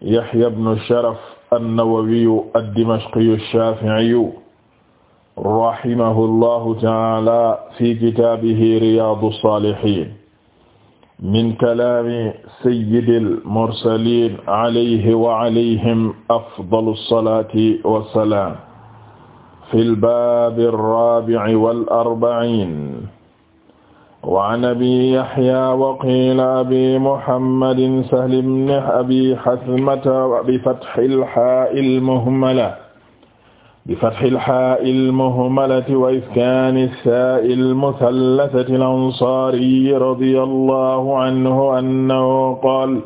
Yahya ibn Sharaf an-Nawawiyu ad-Dimashqiyu ash-Shafi'iyu rahimahullahu ta'ala fi kitaabihi Riyaadu s-Saalihiin min kalaami sayyidil mursaliin alayhi wa alayhim afdalu s-salaati wa s-salaam fil baabi r-raabi'i wal arba'iin waan abi yaxya waqila abi muhammadin sahl ibn abi xasmata bi fatxil xaa'il muhmala bi fatxil xaa'il muhmalati wa iskaani saa'il musallasati al-ansaari radiyallahu anhu annahu qaala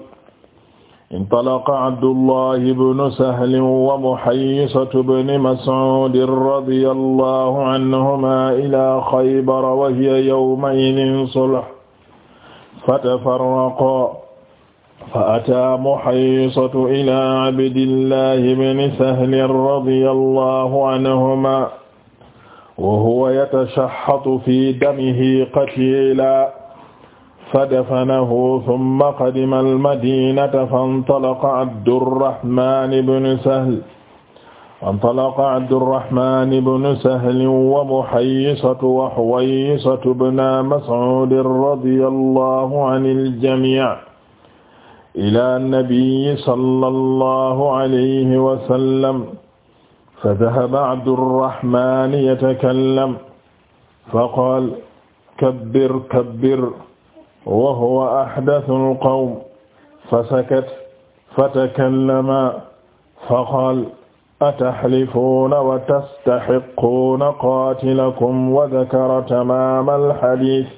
intalaqa abdullahi bnu sahlin wa muhayyisatu bni mas'uudin radiyallahu anhumaa ilaa xaybara wa hiya yawma'idin sulh fatafarraqaa fa ataa muhayyisatu ilaa abdillahi bni sahlin radiyallahu anhumaa wa huwa yatashahhatu fii damihi qatiilan fadafanahu summa qadima almadinata fantalaqa abdurrahman ibnu sahl fantalaqa abdurrahman ibnu sahlin wa muhayyisatu wa huwaysatu bna mas'udin radiyallahu anil jamii' ilaa nabiyyi sallallahu alayhi wa sallam fadahaba abdurrahman yatakallam faqaala kabbir kabbir wa huwa ahdathu al-qawm fa sakat fa takallama fa qaala atahlifuuna wa tastahiqquuna qaatilakum wa dhakara tamaama al-hadiith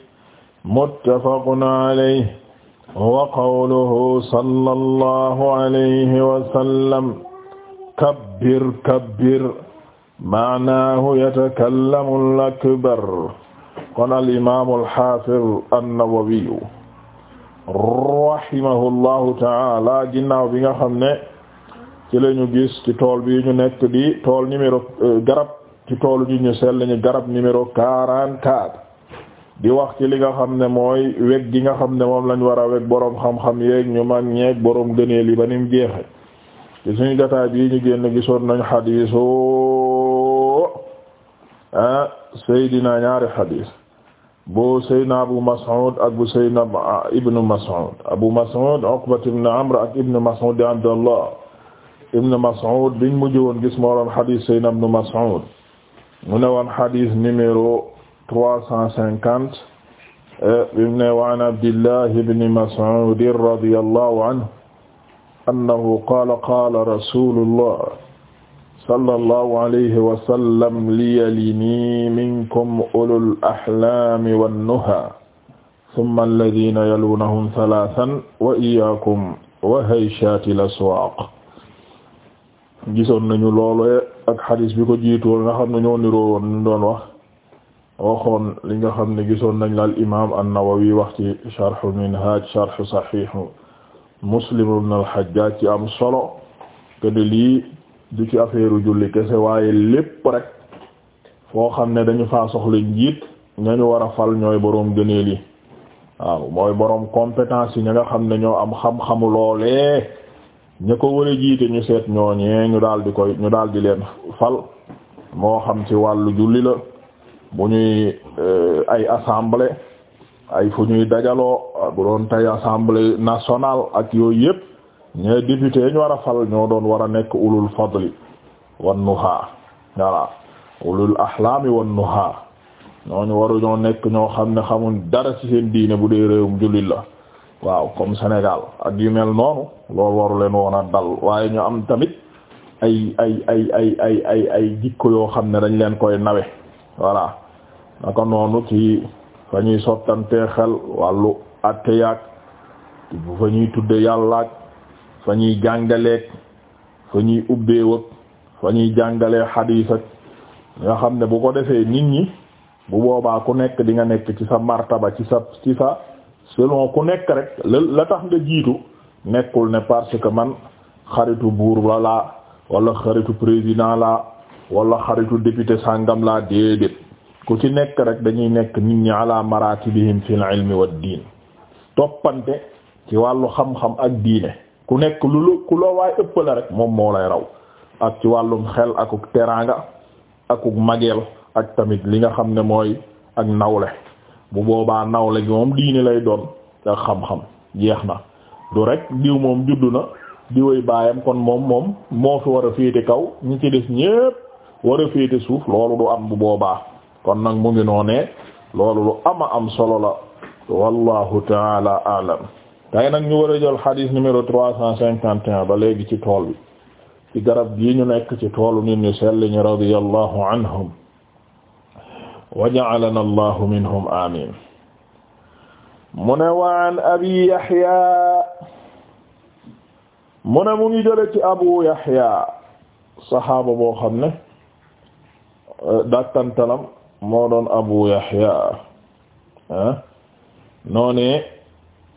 muttafaqun alayhi wa qawluhu sallallahu alayhi wa sallam kabbir kabbir ma'naahu yatakallamu al-akbar kon al imaamu alxafiz annawawiyu rahimahullahu taala ginnaaw bi nga xam ne ci la ñu gis ci tool bi ñu nekk di tool numéro euh, garab ci toolu ji ñu sell ñu garab numéro quarante-quatre di wax ci li nga xam ne mooy weg gi nga xam ne moom lañ war a weg boroom xam-xam yeeg ñu mag ñeeg boroom gëneel yi ba nim jeexe ci suñu jotaay bi ñu génn gisoon nañ xadiisu ah Seydina ñaari xadiis bu Seydina Abu Mas'ud ak bu Seydina Ibn Mas'ud Abu Mas'ud Uqba ibn Amr ak Ibn Mas'ud di Abdallah Ibn Mas'ud biñ mujj woon gis moo doon xadis Seydina Ibn Mas'ud mu ne woon xadis numéro trois cent cinquante bimu eh, ne wa an Abdillah ibn Mas'ud radiyallahu anhu annahu qaala qaala rasulullah sallallahu alayhi wa sallam liyalini minkum ulul ahlaami wannuha summa alladina yalunahum thalathan wa iyaakum wa hayshaati laswaaq gisoon nañu loole ak xadis bi ko jiituwoon nga xam ne ñoo niroo woon ñu doon wax waxoon li nga xam ne gisoon nañ la al imaam an-Nawawi wax ci sharh minhaj sharh sahih Muslim ibn al-Hajjaj ci am solo que lii. du ci affaire julli kese waaye lépp rek foo xam ne dañu fa soxla njiit ñañu war a fal ñooy boroom gëneel yi waaw mooy boroom compétence yi ña nga xam ne ñoo am xam-xamu loolee ña ko war jiite ñu seet ñooñee ñu daal di koy ñu daal di leen fal moo xam ci wàllu julli la bu ñuy eh, ay assemblée ay fu ñuy dajaloo bu doon tey assemblée nationale ak yooyu yépp ñooy député ñu war a fal ñoo doon war a nekk ulul fadli wan nuha voilà ulul ahlaami wan nuha ñooñu waru ñoo nekk ñoo xam ne xamuñ dara ci seen diine bu dee réewum jullit la waaw comme Sénégal ak yu mel noonu loolu waru leen woon a dal waaye ñu am tamit ay ay ay ay ay ay jikko yoo xam ne dañ leen koy nawe voilà naka noonu ci fa ñuy sottante xel wàllu àtte bu fa ñuy tudde yàllaak fa ñuy jàngaleek fa ñuy ubbeewag fa ñuy jàngalee xadiis ak nga xam ne bu ko defee nit ñi bu boobaa ku nekk di nga nekk ci sa martaba ci sa ci sa selon ku nekk rek la tax nga jiitu nekkul ne parce que man xaritu buur la laa wala xaritu président la wala xaritu député sàngam la déedéet ku ci nekk rek dañuy nekk nit ñi ala maratibihim fil ilmi wad diin toppante ci wàllu xam-xam ak diine ku nekk lu lu ku loo waay ëppale rek moom moo lay raw ak ci wàllum xel akuk teraanga akuk mageel ak tamit li nga xam ne mooy ak nawle bu boobaa nawle gi moom diini lay doon ak xam-xam jeex na du rek diw moom juddu na diwéy baayam kon moom moom moo fi war a féete kaw ñi ci des ñépp war a féete suuf loolu du am bu boobaa kon nag mu ngi noonee loolu lu ama am solo la wallahu taala alam tey nag ñu war a jël numéro trois cent cinquante et un ba léegi ci tool bi ci garab gii ñu nekk ci toolu nit ñu sell ñi radiyallahu anhum wa ja'alana allahu minhum amin mu ne waan abi yaxya mu ne mu ngi jële ci abu yaxya saxaaba boo xam ne daktantalam moo doon abu yaxya ah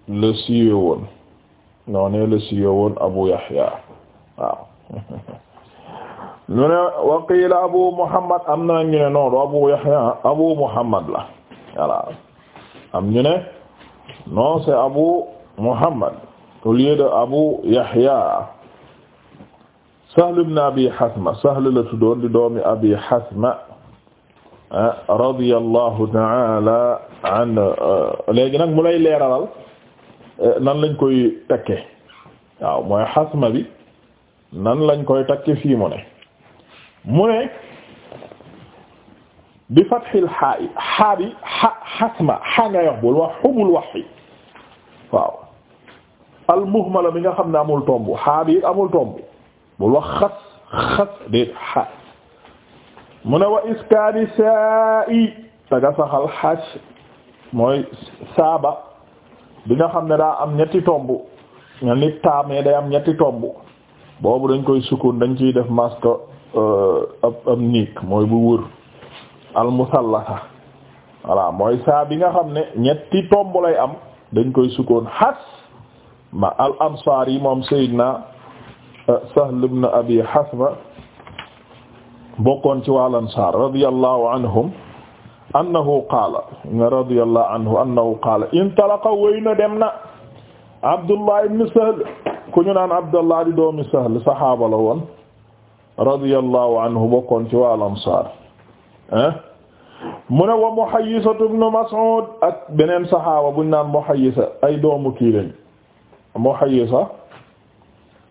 la siiwe woon noonee la siiwe Abu Yahya waaw ñu Abu Muhammad am na ñu ne Abu Yahya Abu Muhammad la am ñu ne Abu Muhammad au Abu Yahya Sahl ibn Abi Hasma Sahl la tuddoon di doomi Abi Hasma ah, radiyallahu nag mu lay leeralal Euh, nan lañ koy takke waaw mooy xasma bi nan lañ koy takke fii mu ne mu ne bi fathil xaa i xaa bi xa xasma xa nga yox bul wax xubul wax fi waaw almuhmala mi nga xam ne amul tomb xaa bi amul tomb bul wax xas xas déet xa mu ne wa iskaani saa i taga saxal xaaj mooy saaba bi nga xam ne daa am ñetti tomb mel ni taamee day am ñetti tomb boobu dañ koy sukkoon dañ ciy def masque euh, ab ab niik mooy bu wër almusallasa voilà mooy saa bi nga xam ne ñetti tomb lay am dañ koy sukkoon xas ma al ansaar yi moom Seydina euh, Sahl ibn Abi Hasma bokkoon ci waa al ansaar radiyallahu anhum annahu qaala radiyallahu dem na abdullah ibn sahl ku ñu abdullah di doomi sahl saxaaba la woon radiyallahu anhu bokkoon ci wal ansaar eh? mu ne wa muhayyisatu ibn mas'ud ak beneen saxaaba buñ naan muhayyisa ay doomu kii lañ muhayyisa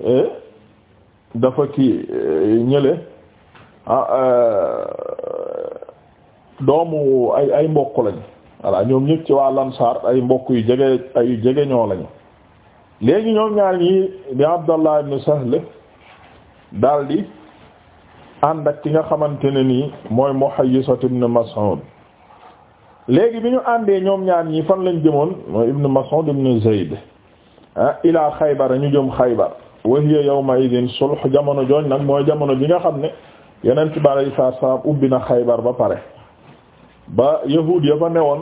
eh? dafa kii eh, ñële ah, doomu ay ay mbokk lañ voilà ñoom ñëpp ci waa Ansaar ay mbokk yu jege ay jege ñoo lañ léegi ñoom ñaar ñi bi Abdallah ibn Sahl daldi ànd ak ki nga xamante ne nii mooy Muhayyisat ibn Mas'ud léegi bi ñu àndee ñoom ñaar ñii fan lañ jëmoon mooy ibn Mas'ud ibn Zayd ah ilaa Xaybar ñu jëm Xaybar wa hiya yawma idin sulh jamono jooñ nag mooy jamono bi nga xam ne yeneen ci bari saa saa ubbi na Xaybar ba pare ba yahuud ya fa newoon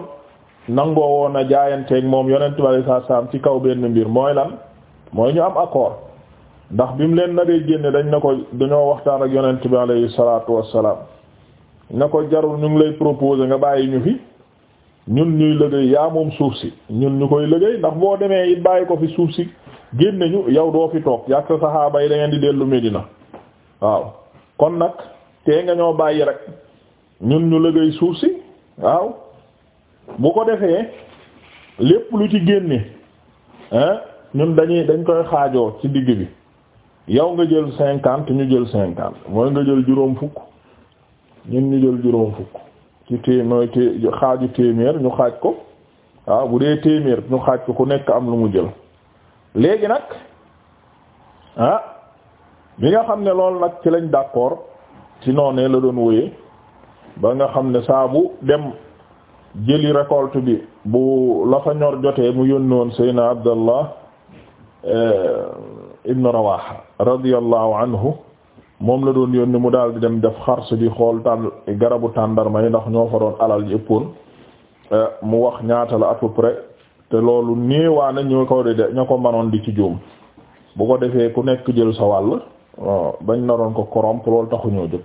nangoo woon a jaayanteeg moom yonent bi alayhi salaam ci kaw benn mbir mooy lan mooy ñu am accord ndax bi mu leen naree génne dañ na ko dañoo waxtaan ak yonent bi alayhi salaatu na ko jarul ñu ngi lay proposer nga bàyyi ñu fi ñun ñuy liggéey yaa suuf si ñun ñu koy liggéey ndax boo demee bàyyi ko fi suuf si génne ñu yow doo fi toog yàgg sa saxaaba yi da ngeen di dellu Medina waaw kon nag tee nga ñoo bàyyi rek ñun ñu liggéey suuf si waaw bu ko defee lépp lu ci génne hein ñun dañuy dañ koy xaajoo ci digg bi yow nga jël cinquante ñu jël cinquante mooy nga jël juróom fukk ñun ñu jël juróom fukk ci téeméer té xaaju téeméer ñu xaaj ko waaw bu dee téeméer ñu xaaj ko ku nekk am lu mu jël léegi nag ah bi nga xam ne loolu nag ci lañu d'accord ci noonee la doon wóyee ba nga xam ne saabu bu dem jëli récolte bi bu la fa ñor jotee mu yónni woon Seydina Abdallah eh, ibn Rawaha radiyallahu anhu moom la doon yónni mu daal di dem def xars di xool tàn garabu tàndarma yi ndax ñoo fa doon alal ji eh, mu wax ñaata la à peu près te loolu néewaana ñu ko di de ña ko manoon di ci juum bu ko defee ku nekk jël sa wàll bañ naroon ko corrompre loolu taxuñoo jóg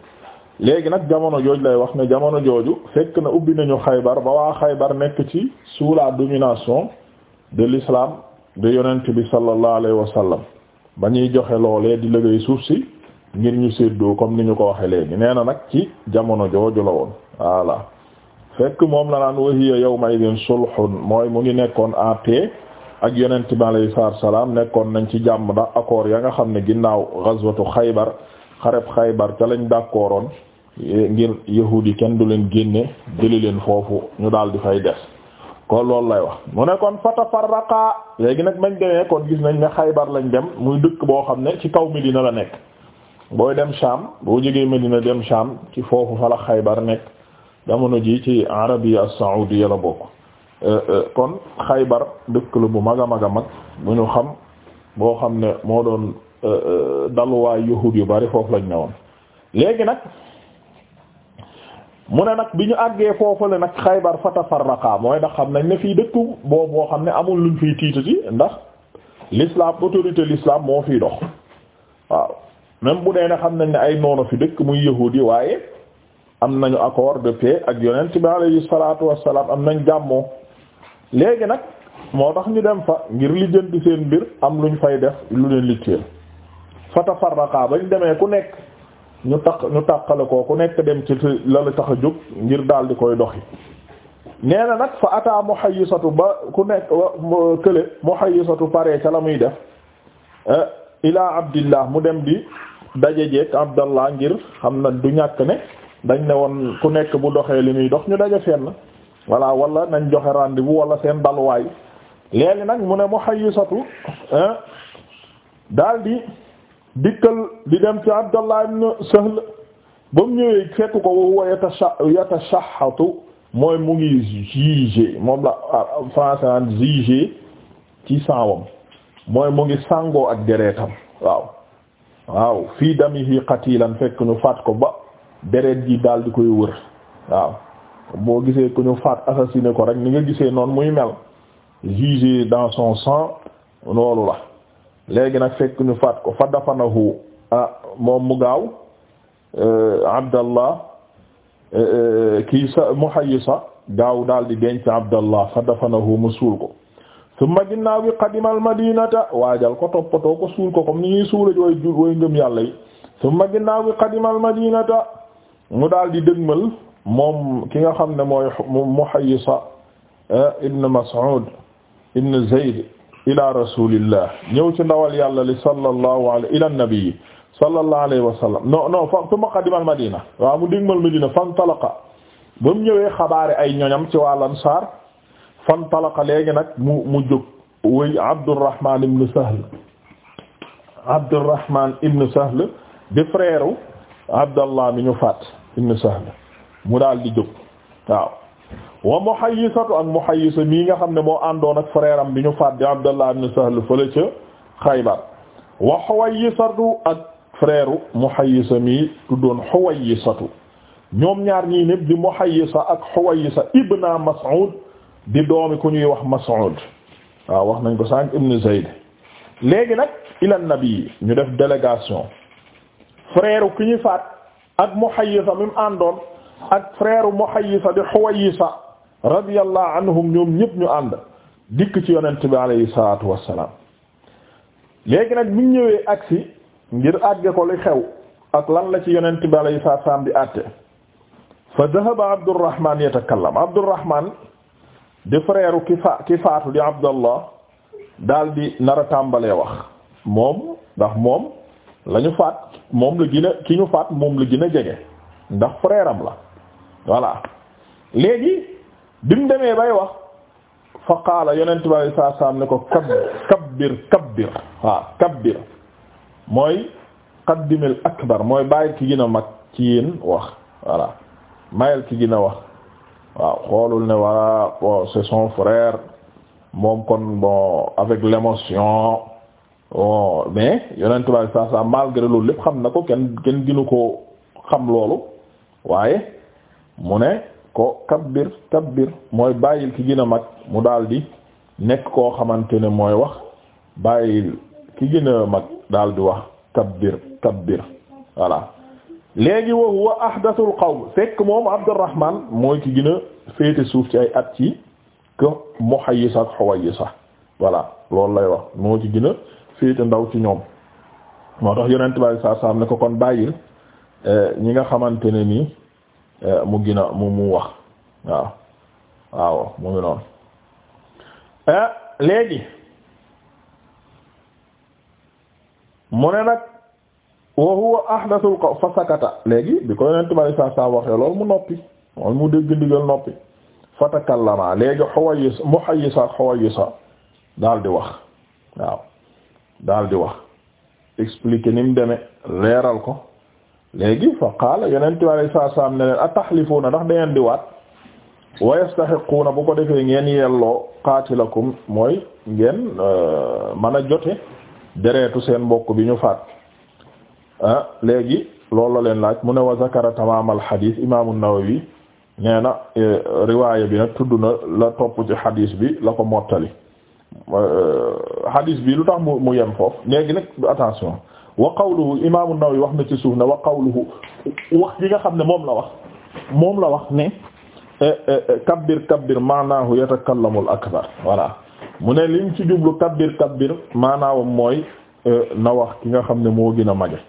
léegi nag jamono jooju lay wax ne jamono jooju fekk na ubbi nañu xaybar ba waa xaybar nekk ci sous la domination de l'islam de yonent bi sallallahu alayhi wa sallam ba ñuy joxe loolee di liggéey suuf si ngir ñu séddoo comme ni ñu ko waxe léegi nee na nag ci jamono jooju la woon voilà fekk moom la naan yow may idin sulhun mooy mu ngi nekkoon en paix ak yonent bi alayhi salaam nekkoon nañ ci jàmm ndax akoor ya nga xam ne ginnaaw ghazwatu xaybar xareb xaybar ca lañ d'accordoon ngir yi kenn du leen génne jëli leen foofu ñu daal di fay des kon loolu lay wax mu ne kon fatafarraqa léegi nag mañ demee kon gis nañ ne xaybar lañ dem muy dëkk boo xam ne ci kaw Medina la nekk booy dem Sham boo jógee Medina dem Sham ci foofu fa la xaybar nekk jamono ji ci Arabia as-Saoudia la bokk euh, euh, kon xaybar dëkk la bu mag a mag a mag bu ñu xam boo xam ne moo doon euh, daluwaay yahud yu bari foofu lañ ne woon léegi nag mu ne nag bi ñu àggee foofale nag xaybar fatafarraqa mooy ndax xam nañ ne fii dëkku boobu boo xam ne amul lu ñu fiy tiitati ndax l'islam autorité l'islam moo fiy dox waaw même bu dee ne xam nañ ne ay noonu fi dëkk muy yahudi waaye am nañu accord de paix ak yonent bi alayhi salaatu wassalaam am nañ jàmmoo léegi nag moo tax ñu dem fa ngir lijjanti seen mbir am luñ fay def lu leen litteel ba ñu demee ku nekk ñu takk ñu takkale ko ku nekk dem ci la tax a jóg ngir daal di koy doxi nee na nag fa ataa muhayyisatu ba ku nekk kële muhayyisatu pare ca la muy def eh, ilaa abdillah mu dem di daje jeeg abdallah ngir xam na du ñàkk ne dañ ne woon ku nekk bu doxee li muy dox ñu daje fenn voilà wala nañ joxe rendez-vous wala seen dalwaay léegi nag mu ne muhayyisatu eh, daldi dikkal di dem ci Abdallah ibn Sahl ba mu ñëwee fekk ko wa yatasha yatashahhatu mooy mu ngi jugé moom la ah, français naan jugé ci saawam mooy mu ngi sangoo ak deretam waaw waaw fii damihi qatilan fekk ñu faat ko ba deret ji daal di koy wër waaw boo gisee ku ñu faat assassiné ko rek ni nga gisee noonu muy mel jugé dans son sang loolu la léegi nag fekk ñu faat ko fa dafanahu ah moom mu gaaw eh, abdallah eh, eh, kii sa muhayyisa gaaw daal di denc abdallah fa dafanahu mu suul ko summa ginnaaw bi qadimal madinata waajal ko toppatoo ko suul ko comme ni ñuy suula ji way ju way ngëm yàlla yi summa ginnaaw bi qadimal madinata mu daal di dëgmal moom ki nga xam ne mooy muhayyisa ibn mas'ud ibn zayd ila rasulillah ñëw ci ndawal yàlla li sallallahu alayhi ila nabi sallallahu alayhi wa sallam non non fa tuma qadima al madina waaw mu digmal madina fantalaqa ba mu ñëwee xabaare ay ñoñam ci waa Ansaar fantalaqa léegi nag mu mu jóg wëy Abdurrahman ibn Sahl Abdurrahman ibn Sahl di frère Abdallah mi ñu faat ibn Sahl mu daal di jóg waaw wa muhayyisatu ak muhayyisa mii nga xam ne moo àndoon ak frère bi ñu faat di abdallah ibn sahl fële xaybar wa huwayyisatu ak frère muhayyisa mii tuddoon huwayyisatu ñoom ñaar ñii ñépp di muhayyisa ak huwayyisa ibna mas'ud di doomi ku ñuy wax mas'ud waaw wax nañ ko sànq ibn zayd léegi nag ila nabi ñu def délégation frère ku ñu faat ak muhayyisa mi mu àndoon ak frère Muhayyisa di Huwaysa radiyallahu anhum ñoom ñëpp ñu ànd dikk ci yonent bi alayhi salaatu wassalaam léegi nag bu ñëwee agsi ngir àgge ko li xew ak lan la ci yonent bi alayhi salaatu wassalaam di àtte fa dhahaba Abdurrahman yatakallam Abdurrahman di frère ki fa ki faatu di Abdallah daal di nar tàmbalee wax moom ndax moom la faat moom la gën ki ñu faat moom la gën jege ndax frère la voilà léegi bi mu demee bay wax fa qaala yonent bi alayhi salaatu salaam ko kab kabbir kabbir waaw kabbir mooy qaddimil akbar mooy bàyyil ki gën a mag ci yéen wax voilà mayel ki gën a wax waaw xoolul ne voilà bon c'est son frère moom kon bon avec l'émotion bon mais yonent bi alayhi salaatu malgré loolu lépp xam na ko kenn kenn gënu ko xam loolu waaye mu ne ko kabbir kabbir mooy bàyyil ki gën a mag mu daldi nekk koo xamante ne mooy wax bàyyil ki gën a mag daldi wax kabbir kabbir voilà léegi wa huwa ahdathul qawm fekk moom Abdurrahman mooy ki gën a féete suuf ci ay at ci que Muhayyis ak Huwayyis voilà loolu lay wax moo ci gën a féete ndaw ci ñoom moo tax yonent bi sallallahu alayhi ne ko kon bàyyil eh, ñi nga xamante ne nii Eh, mu gina mu mu wax waaw waaw mu ngi noonu eh, léegi mu ne nag wa huwa ahdathul fa sakata léegi bi ko yonent bi saa saa waxee loolu mu noppi loolu mu dégg ndigal noppi fa takallama léegi Huways Muhayyisa Huwaysa daal wax waaw daal wax expliquer ni mu leeral ko léegi fa qaala yonent bi alayhi salaatu salaam ne leen atahlifuuna ndax da ngeen di waat wa yastahiquuna bu ko defee ngeen yelloo qaatilakum mooy ngeen euh, mën a jote dereetu seen mbokk bi ñu faat ah léegi loolu leen laaj mu ne wa zakara tamaam al xadiis Nawawi nee na euh, bi nag tudd la topp ci xadiis bi la ko mottali euh, xadiis bi lu tax mu mu yem foofu léegi nag attention wa qawluhu imaamu yi wax na ci suuf ne wa qawluhu wax ji nga xam ne moom la wax moom la wax ne eh, eh, eh, kabbir kabbir maanaahu yatakallamu al-akbar voilà mu ne lim ci jublu kabbir kabbir maanaawam mooy na wax ki nga xam ne moo gën a mage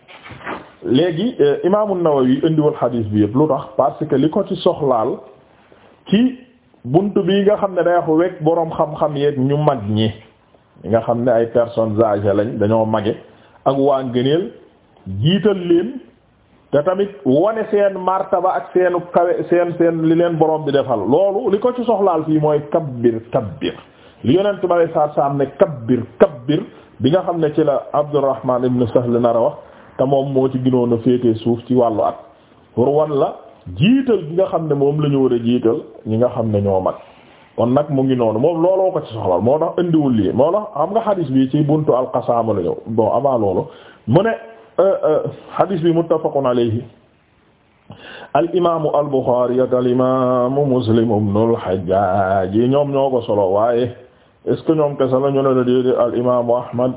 léegi imaamu yi indiwal xadiis bi yëpp lu tax parce que li ko ci soxlaal ci buntu bi nga xam ne day wax boroom xam-xam yeeg ñu mag ñi nga xam ne ay personnes âgées lañ dañoo mage ak waa ngëneel jiital leen te tamit wane seen martaba ak seenu kawe seen seen li leen borom bi defal loolu li ko ci soxlaal fii mooy kabbir kabbir li yonent ba lay saat saam ne kabbir kabbir bi nga xam ne ci la Abdurrahman ibn Sahl nar a wax te moom moo ci ginoon a féetee suuf ci wàllu at pour wan la jiital bi nga xam ne moom lañu ñu war a jiital ñi nga xam ne ñoo mag kon nag mu ngi noonu moom looloo ko ci soxlal moo tax indiwul lii moo tax xam nga xadis bi ci buntu alqasaama la ñëw bon avant loolu mu ne euh, euh, xadis bi muttafaqun alayhi al imaamu al buxaari ak al imaamu muslim ibnul xajjaaj ñoom ñoo solo waaye est ce que ñoom kese la ne la al imaamu ahmad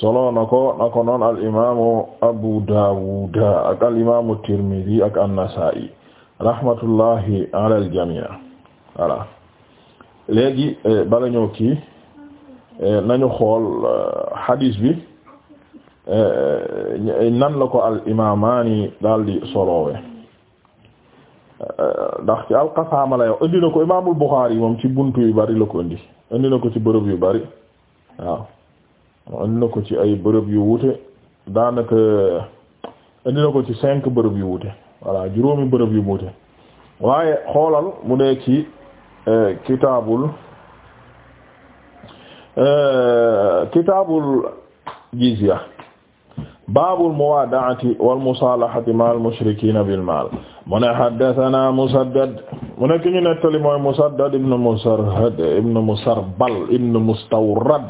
solo na ko noon al imaamu abu daawud ak al imaamu tirmidi ak an-nasaa'i rahmatullahi ala al jamii voilà. léegi eh, bala ñëw kii eh, nañu xool eh, hadis bi nan la ko al imaamaani daal di soloowe ndax ci alqasaama la yow indi na ko imaamul Buxaari moom ci bunt yu bari la ko indi indi na ko ci bërëb yu bari waaw indi na ko ci ay bërëb yu wuute daanaka indi na ko ci cinq bërëb yu wuute voilà juróomi bërëb yu wuute waaye xoolal mu dee ci Eh, kitaabul eh, kitaabul jizya baabul muwaada'ati wal musaalahati ma'al mushrikiina bil maal mu ne haddasanaa Musaddad mu nekk ñu nettali mooy Musaddad ibn Musarhad ibn Musarbal ibn Mustawrad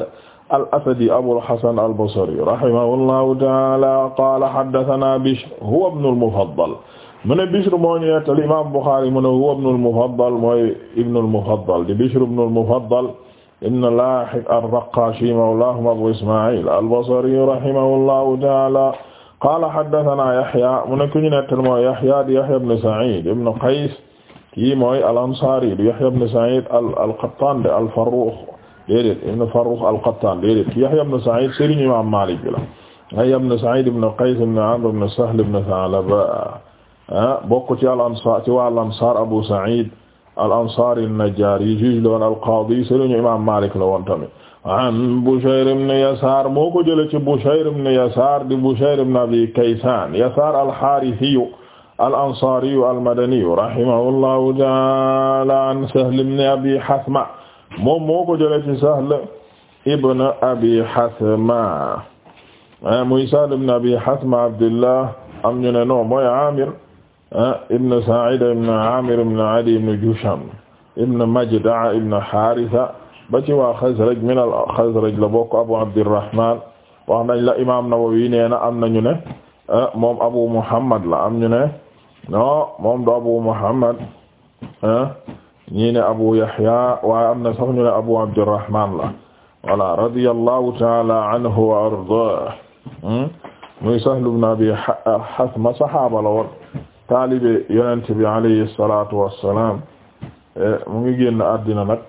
al-Asadi Abul Hasan al-Basri rahimahullahu ta'aala qaala haddasanaa Bishr huwa ibnul Mufaddal mu ne Bishr moo ñu nettali imaam Buxaari mu ne huwa ibnul Mufaddal mooy ibnul Mufaddal di Bishr ibnul Mufaddal ibn Laahik ar-Raqaashi mawlaahum Abu Ismaa'iil al-Basri rahimahullahu ta'aala qaala haddathanaa Yahyaa mu ne ku ñu nettali mooy Yahyaa di Yahyaa ibn Sa'iid ibn Qays kii mooy al-Ansaari di Yahyaa ibn Sa'iid al-Qattaan de al-Farrukh déedéet ibn Farrukh al-Qattaan déedéet Yahyaa ibn Sa'iid sëriñ imaam Maalik bi la Yahyaa ibn Sa'iid ibn Qays ibn Amr ibn Sahl ibn Tha'laba bokk ci al ansar ci waa al ansar Abu Sa'id al ansari an-Najjari juge la woon al qaadi sëriñu imaam Maalik la woon tamit an Bushayr ibn Yasaar moo ko jëlee ci Bushayr ibn Yasaar di Bushayr ibn Abi Kaysaan Yasaar al-Haarisiyu al-Ansaariyu al-Madaniyu rahimahullahu ta'aala an Sahl ibn Abi Hasma moom moo ko jëlee ci Sahl ibn Abi Hasma muy Sahl ibn Abi Hasma Abdullah am ñu ne noo mooy Aamir Ah, ibn Sa'id ibn Amir ibn Adi ibn Jusham ibn Majda'a ibn Haritha ba ci waa Xasraj min al-Xasraj la bokk Abu Abdirrahman wax nañ la imaam Nawawi nee na am nañu ne ah, moom Abu Muhammad la am ñu ne non moom du Abu Muhammad ah, ñii ne Abu Yahya waaye am na sax ñu ne Abu Abdirrahman la voilà radiyallahu ta'ala anhu wa ardaah hmm, muy Sahl ibn Abi Hathma saxaaba la woon taalibe yonent bi alayhi salaatu wassalaam e, mu ngi génn àddina nag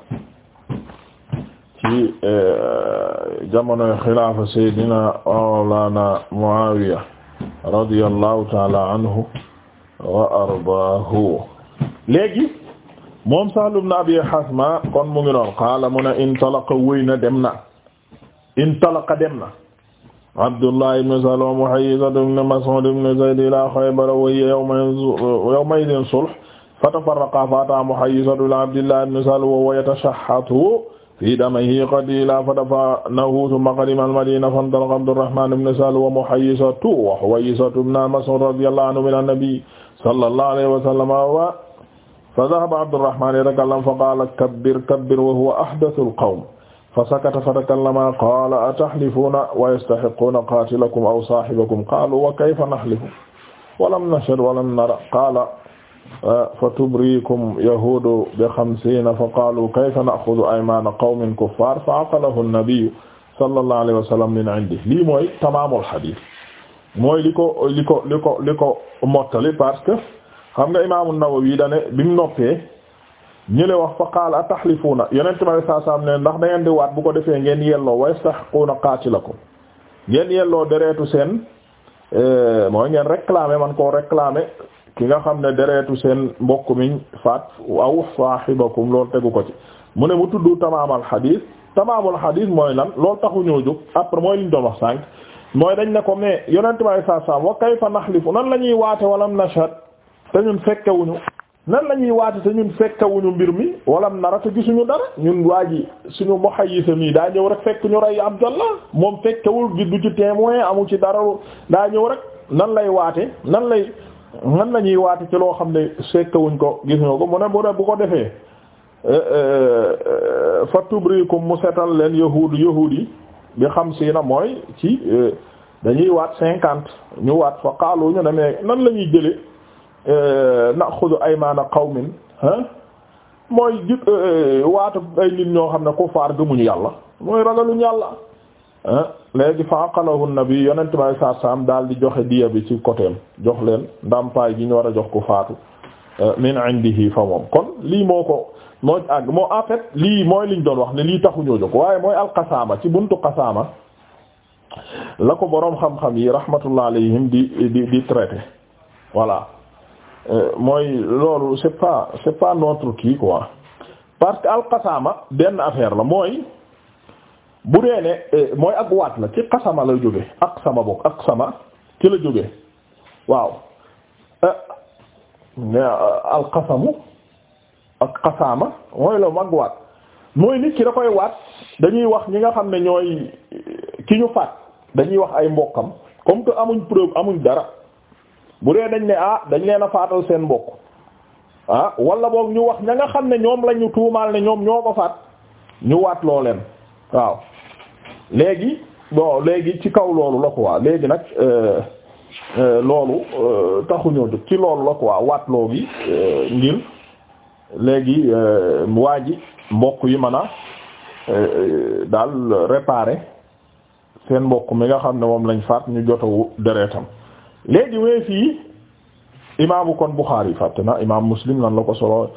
ci e, jamonoy xilaafa seydina mawlana Muawiya radiyallahu taala anhu wa ardaahu léegi moom Sahl ibn Abi Hasma kon mu ngi doon qaala mu ne intalaqa wéy na dem na intalaqa Abdullah ibn Salul Muhayyizat ibn Mas'ud ibn Zayd ila Khaybar wa hiya yawma'idhin sulh fatafarraqa fa ata Muhayyizat ila Abdillah ibn Salul wa huwa yatashahhatu fi damihi qatila fadafanahu thumma qadima al-Madina fantalaqa Abdurrahman ibn Salul wa Muhayyizatu wa Huwayyizatu ibn Mas'ud radiyallahu anhu min an-nabi sallallahu alayhi wa sallam wa fadhahaba Abdurrahman yatakallam faqala kabbir kabbir wa huwa ahdathu al-qawm fa sakata fa takallama qaala atahlifuuna wa yastahiquuna qaatilakum aw saahibakum qaalu wa kayfa nahlifu walam nashhad walam nara qaala fa tubriikum yahuudu bi xamsiina fa qaalu kayfa na'xudu aymaana qawmin kuffaar fa aqalahu nabiyyu sallallahu alayhi wa sallam min indihi lii mooy tamaamul hadiis mooy li ko li ko li ko li ko mottali parce que xam nga imaamu Nawawi dane bi mu noppee ñële wax fa qaala ataxlifuuna yonent ma saa saam ne ndax da ngeen di waat bu ko defee ngeen yelloo wa yastaxiquuna qaatilakum ngeen yelloo dereetu seen eh, mooy ngeen réclamer man koo réclamer ki nga xam ne dereetu seen mbokk miñ faat aw saahibakum loolu tegu ko ci mu ne mu tudd tamaamal xadiis tamaamul xadiis mooy lan loolu taxu ñoo jóg après mooy liñ doon wax sànq mooy dañ ne ko mais yonent ma saa saam wa kayfa naxlifu nan la ñuy waate walam nashhad te ñun nan la ñuy waate te ñun fekkawuñu mbir mi wala nara te gisuñu dara ñun waa ji suñu muhayyisa mi daa ñëw rek fekk ñu rey Abdallah moom fekkewul gi du ci témoin amul ci dara daa ñëw rek nan lay waate nan lay nan la ñuy waate ci loo xam ne fekkawuñ ko gisuñu ko mu ne bu ne bu ko defee eh, eh, eh, fa tubrikum mu setal leen yahuud yahuud yi bi xam si na mooy ci dañuy waat cinquante ñu waat fa xaalu ñu demee nan la ñuy jëlee Euh, naxudu aymaana qawmin mooy jib euh, euh, waatu ay nit ñoo xam ne kufaar ñu yàlla mooy ragaluñu yàlla léegi fa na bi yonent bay saa saam daal di joxe diya bi ci côtéem jox leen ndàmpaay gi ñu war a jox ko faatu min indihi fa moom kon lii moo ko moo àgg moo en lii mooy liñ doon wax ne lii taxu taxuñoo jóg waaye mooy alqasaama ci buntu qasaama la ko boroom xam-xam yi rahmatullah alayhim di di di traité voilà Euh, mooy loolu c'est pas c'est pas notre kii quoi parce que alqasama benn affaire la mooy bu dee euh, mooy ak waat la ci qasama la jóge ak sama bokk ak sama ki la jóge waaw euh, a alqasamu ak qasama mooy la mag waat mooy nit ki da koy waat dañuy wax ñi nga xam ne ñooy ki ñu faat dañuy wax ay mbokkam comme que amuñ preuve amuñ dara bu dee dañ ne ah dañ leen a faatal seen mbokk ah wala boog ñu wax ña nga xam ne ñoom la ñu tuumaal ne ñoom ñoo ko faat ñu waat loo leen waaw léegi bon léegi ci kaw loolu la quoi léegi nag euh, euh, loolu euh, taxuñoo jóg ci loolu la quoi waatloo gi ngir léegi waa ji mbokk yi mën a daal réparer seen mbokk mi nga xam ne moom lañ faat ñu jotawu deretam léegi wee fii imaamu kon Bukhari fàtte na imaam Muslim nan la ko solo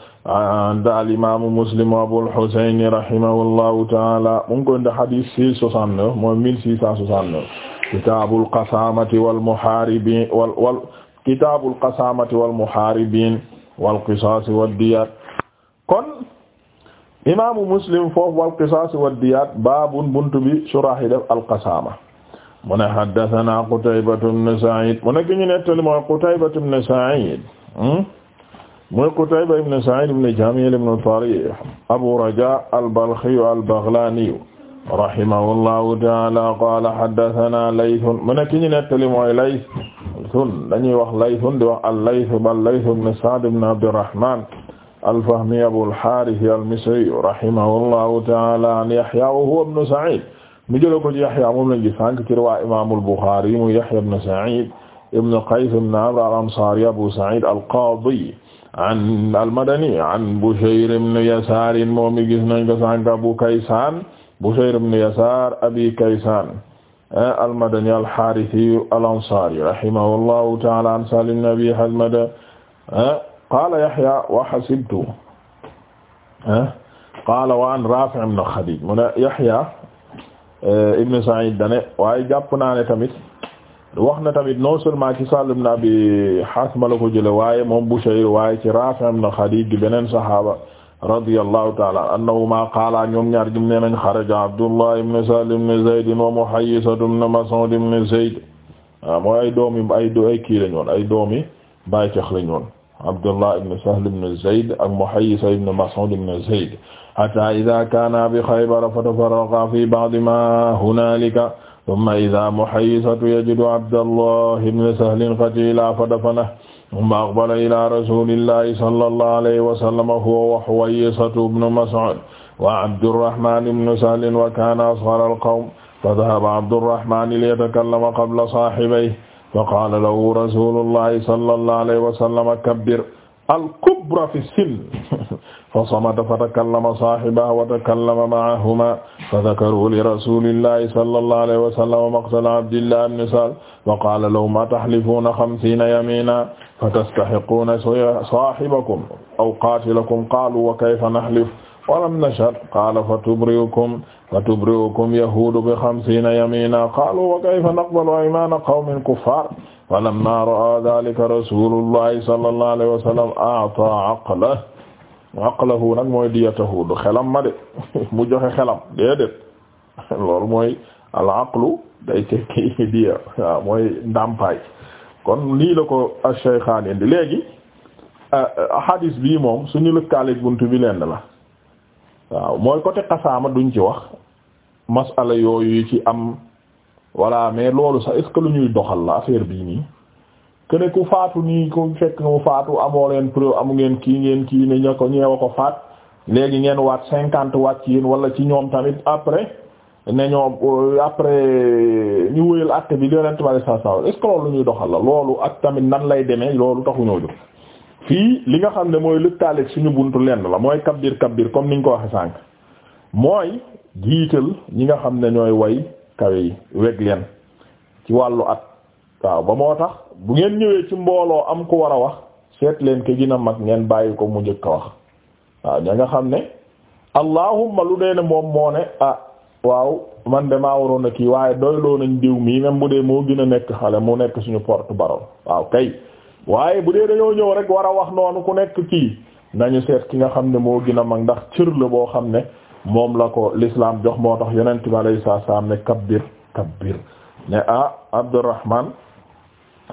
daal imaamu Muslim Abul Husayn rahimahullahu taala mu ngi koy indi hadith six soixante neuf mooy mille six cent soixante neuf kitaabul qasaamati wal muhaaribiin wal wal kitaabul qasaamati kon imaamu Muslim foofu wal qisaasi wad diyaat baabun buntu bi suraax def al mu ne haddathana Qutaybatu ibn Sa'id mu ne ki ñu nettali mooy Qutaybatu ibn Sa'id mooy hmm? Qutayba ibn Sa'id ibn Jamil ibn Tarif Abu Raja al-Balkhi al-Baghlani rahimahullahu ta'ala qala haddathana Layth mu ne ki ñu nettali mooy Layth dañuy wax Layth di wax al-Layth bal Layth ibn Sa'd ibn Abdurrahman al-Fahmi Abu al-Harith al-Misri rahimahullahu ta'ala an Yahya wa huwa ibn Sa'id mu jëla ko ci Yahya moom lañ gi sànq ci riwaa imaamul Buxaari mu Yahya ibn Sa'iid ibn Qays ibn Amr al-Ansaari Abu Sa'iid al-Qaadi an al-Madani an Bushayr ibn Yasaar moom mi gis nañ ko sànq Abu Kaysaan Bushayr ibn Yasaar Abi Kaysaan al-Madani al-Haarisi al-Ansaari rahimahullahu ta'aala an Salim ibn Abi Hazmata qaala Yahya wa hasibtu qaala wa an Raafi' ibn Khadiij mu ne Yahya Euh, ibn Sa'id dane waaye jàpp naa ne tamit wax na tamit non seulement ci Sahl ibn Abi Hasma la ko jële waaye moom Bushayr waaye ci Rafi' ibn Khadij di beneen sahaaba radiyallahu ta'ala annahuma qaala ñoom ñaar jëm ne nañ xaraja Abdullah ibn Sahl ibn Zayd wa Muhayyisa ibn Mas'ud ibn Zayd waaw ah, kii lañ woon ay doom yi bàyyi cax lañ woon Abdullah ibn Sahl ibn Zayd ak Muhayyisa ibn Mas'ud ibn Zayd hatta idha kana bi Khaybar fatafarraqa fi ba'di ma hunalika thumma idha muhayyisatu yajidu Abdallah ibn Sahlin qatila fadafanahu thumma aqbala ila rasulillahi sallallahu alayhi wa sallam huwa wa Huwaysatu ibn Mas'ud wa Abdurrahman ibn Sahlin wa kana asghara al-qawm fadhahaba Abdurrahman liyatakallama qabla sahibihi faqaala lahu rasulullahi sallallahu alayhi wa sallam kabbir al-kubra fi sin fasamata fatakallama saahibahu wa takallama ma'ahuma fadakaruu li rasulillahi sallallahu alayhi wa sallam maqtala abdillah ibn Sahl wa qaala law ma tahlifuuna xamsiina yamiinan fatastahiquuna saahibakum aw qaatilakum qaaluu wa kayfa nahlif walam nashhad qaala fatubri'ukum fatubri'ukum yahuudu bi xamsiina yamiinan qaaluu wa kayfa naqbalu aymaana qawmin kuffaar falammaa ra'aa dhaalika rasuulullahi sallallahu alayhi wa sallam a'taa aqlahu aqlahu nag mooy diyatahu du xelam ma de mu joxe xelam déedéet loolu mooy al aqlu day tekki diya waaw mooy ndàmpaay kon lii la ko ak Shaykhaan indi léegi euh, hadis bii moom suñu lëkkaaleeg bunt bi lenn la waaw mooy côté xasaama duñ ci wax masala yooyu ci am walla mais loolu sax est-ce que lu ñuy doxal la affaire bii nii ne ku faatu nii ku fekk nga mu faatu amoo leen preuve amu ngeen kii ngeen kii ne ña ko ñeew a ko faat léegi ngeen waat cinquante waat ci yéen wala ci ñoom tamit après ne ñoom euh, après ñu wóyal acte bi yonent bi sallallahu alayhi wasallam est loolu ñuy doxal la loolu ak tamit nan lay demee loolu taxu ñoo jóg fii li nga xam ne mooy lëkkaaleeg suñu buntu lenn la mooy kabir kabir comme ni ñu ko waxe sànq mooy jiital ñi nga xam ne ñooy way kawe yi weg leen ci wàllu at waaw ba moo tax bu ngeen ñëwee ci mbooloo am ku war a wax seet leen ke gina mag ngeen bàyyi ko mu njëkk a wax waaw ña nga xam ne allahumma lu dee ne moom moo ne ah waaw man de maa waroon a kii waaye doyloo nañ diw mii même bu dee moo gën a nekk xale mu nekk suñu porte-parole waaw kay waaye bu dee dañoo ñëw rek war a wax noonu ku nekk kii nañu seet ki nga xam ne moo gën a mag ndax cër la boo xam ne moom la ko lislaam jox moo tax yonent bi alayhi salaam ne kabbir kabbir ne ah Abdurrahman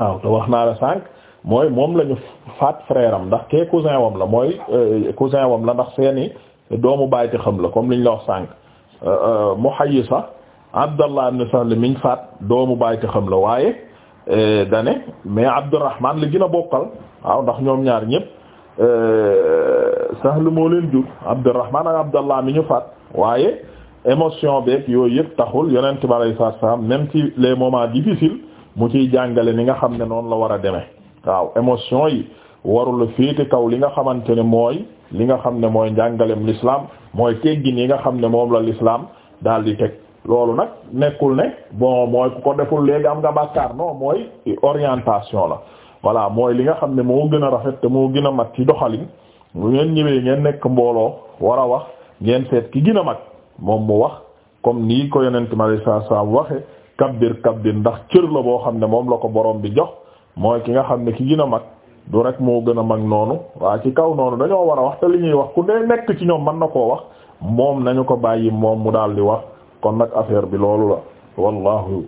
waaw te wax naa la sànq mooy moom la ñu faat frère ndax kee cousin wam la mooy euh, cousin wam la ndax seeni doomu bàyyi xam la comme liñ la wax sànq euh, euh, Muhayyisa Abdallah ibn Sahl miñ faat doomu bàyyi xam la waaye dane mais Abdurrahman la gën a bokkal waaw ndax ñoom ñaar ñëpp Sahl moo leen jur Abdurrahman ak Abdallah mi ñu faat waaye émotion beeg yooyu yëpp taxul yonent bi alayhi salaam même ci les moments difficiles mu ci jàngale ni nga xam ne noonu la war a demee waaw émotion yi warul féete kaw li nga xamante ne mooy li nga xam ne mooy njàngalem lislaam mooy teggin yi nga xam ne moom la lislaam daal di teg loolu nag nekkul ne bon mooy ku ko deful léegi am nga bàkkaar non mooy orientation la walaa mooy li nga xam ne moo gën a rafet te moo gën a mat ci doxalin bu ngeen ñëwee ngeen nekk mbooloo war a wax ngeen seet ki gën a mag moom mu wax comme nii ko yonent ma sallallahu alayhi kabbir kabbir ndax cër la boo xam ne moom la ko boroom bi jox mooy ki nga xam ne ki gën a mag du rek moo gën a mag noonu waa ci kaw noonu dañoo war a wax te li ñuy wax ku ne nekk ci ñoom mën na koo wax moom nañu ko bàyyi moom mu daal di wax kon nag affaire bi loolu la wallahu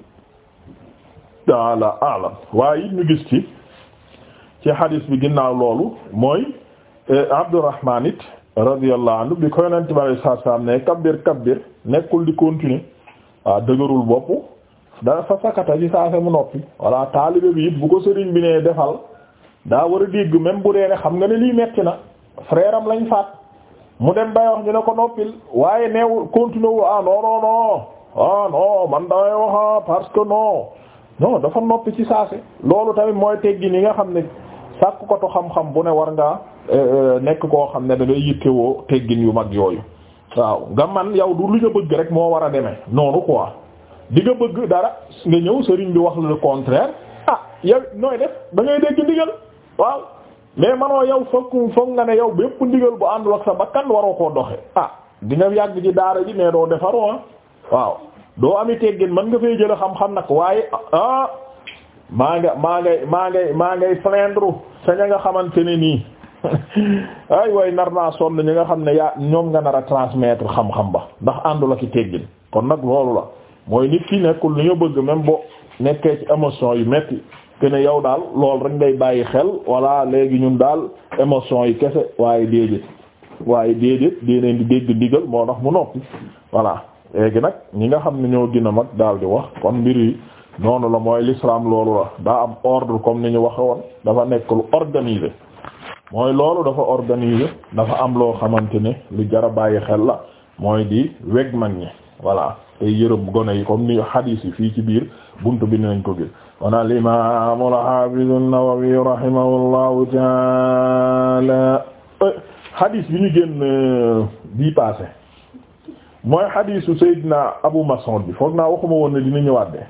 taala alam waaye it ñu gis ci ci hadis bi ginnaaw loolu mooy eh, Abdurrahman it radiyallahu anhu bi ko yonent bi sallallahu alayhi wasallam ne kabbir kabbir nekkul di continuer waa dëgërul bopp da fa sakata ci saase mu noppi voilà taalibe bi bu ko sëriñ bi ne defal daa war a dégg même bu dee ne xam nga ne lii metti na frère am lañ faat mu dem bay wax ñu ne ko noppil waaye neew continuer wu ah, ah, ah non non dafa noppi ci saase loolu tamit mooy teggi ni nga xam ne sàkk ko to bu ne war ngaa eh, eh, nekk koo xam ne da ngay teggin yu mag yooyu waaw nga yow du bëgg rek moo war a demee noonu quoi di nga bëgg dara nga ñëw sëriñ bi wax la le contraire ah yow nooy def da ngay dégg ndigal waaw mais manoo yow fokk foog nga ne yow bépp ndigal bu àndul ak sa ba bakkan waroo koo doxe ah di nga yàgg ci daara ji mais doo defaroo ah waaw doo ami teggin man nga fay jël xam-xam nag waaye ah maa nga maa ngay maa ngay maa ngay plaindre sa ña nga xamante ne nii ay way nar naa sonn ñi nga xam ne yaa ñoom nga nar a transmettre xam-xam ba ndax àndul ak teggin kon nag loolu la mooy nit ki nekkul li nga bëgg même boo nekkee ci émotion yu metti te ne yow daal loolu rek ngay bàyyi xel walla léegi ñun daal émotion yi kese waaye déedéet waaye déedéet déeneen di dégg ndigal moo tax mu noppi voilà léegi nag ñi nga xam ne ñoo gën mag daal di wax kon mbir yi noonu la mooy l'islam loolu la daa am ordre comme ni ñu waxe woon dafa nekk lu organisé mooy loolu dafa organisé dafa am loo xamante ne lu jara bàyyi xel la mooy di weg mag ñi voilà tey yërëm gone yi comme ni hadis yi fii ci biir buntu bi nañ ko gis kon al imam al hafiz an-Nawawi rahimahullahu taala hadis eh, bi ñu génn euh, bii passé mooy hadisu Seydina Abu Mas'ud bi foog naa waxuma woon ne dina ñëwaat de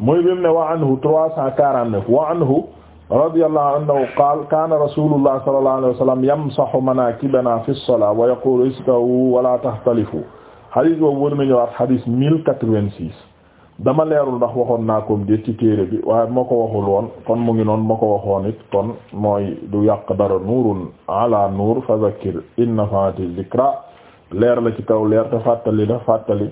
mooy bi mu ne wa anhu trois cent quarante-neuf wa anhu radiyallahu anhu qaala kaana rasulullah sallallahu alayhi wa sallam yamsahu manakibana fi as-salaa wa yaqulu istawu wa la tahtalifu xadis boobu war nañu wax xadis mille quatre-vingt-six dama leerul ndax waxoon naa ko déet ci téere bi waaye moo ko waxul woon kon mu ngi noonu moo ko waxoon it kon mooy du yàq dara nuurun ala nuur fa zakkir in nafaati zikra leer la ci kaw leer te fàttali la fàttali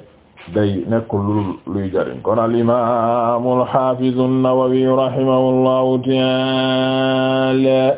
day nekku lu luy jariñ kon al imaam al xaafiz an-Nawawi rahimahullahu ta'ala